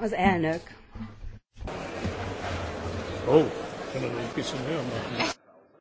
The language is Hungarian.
Az elnök. Oh, kann er nicht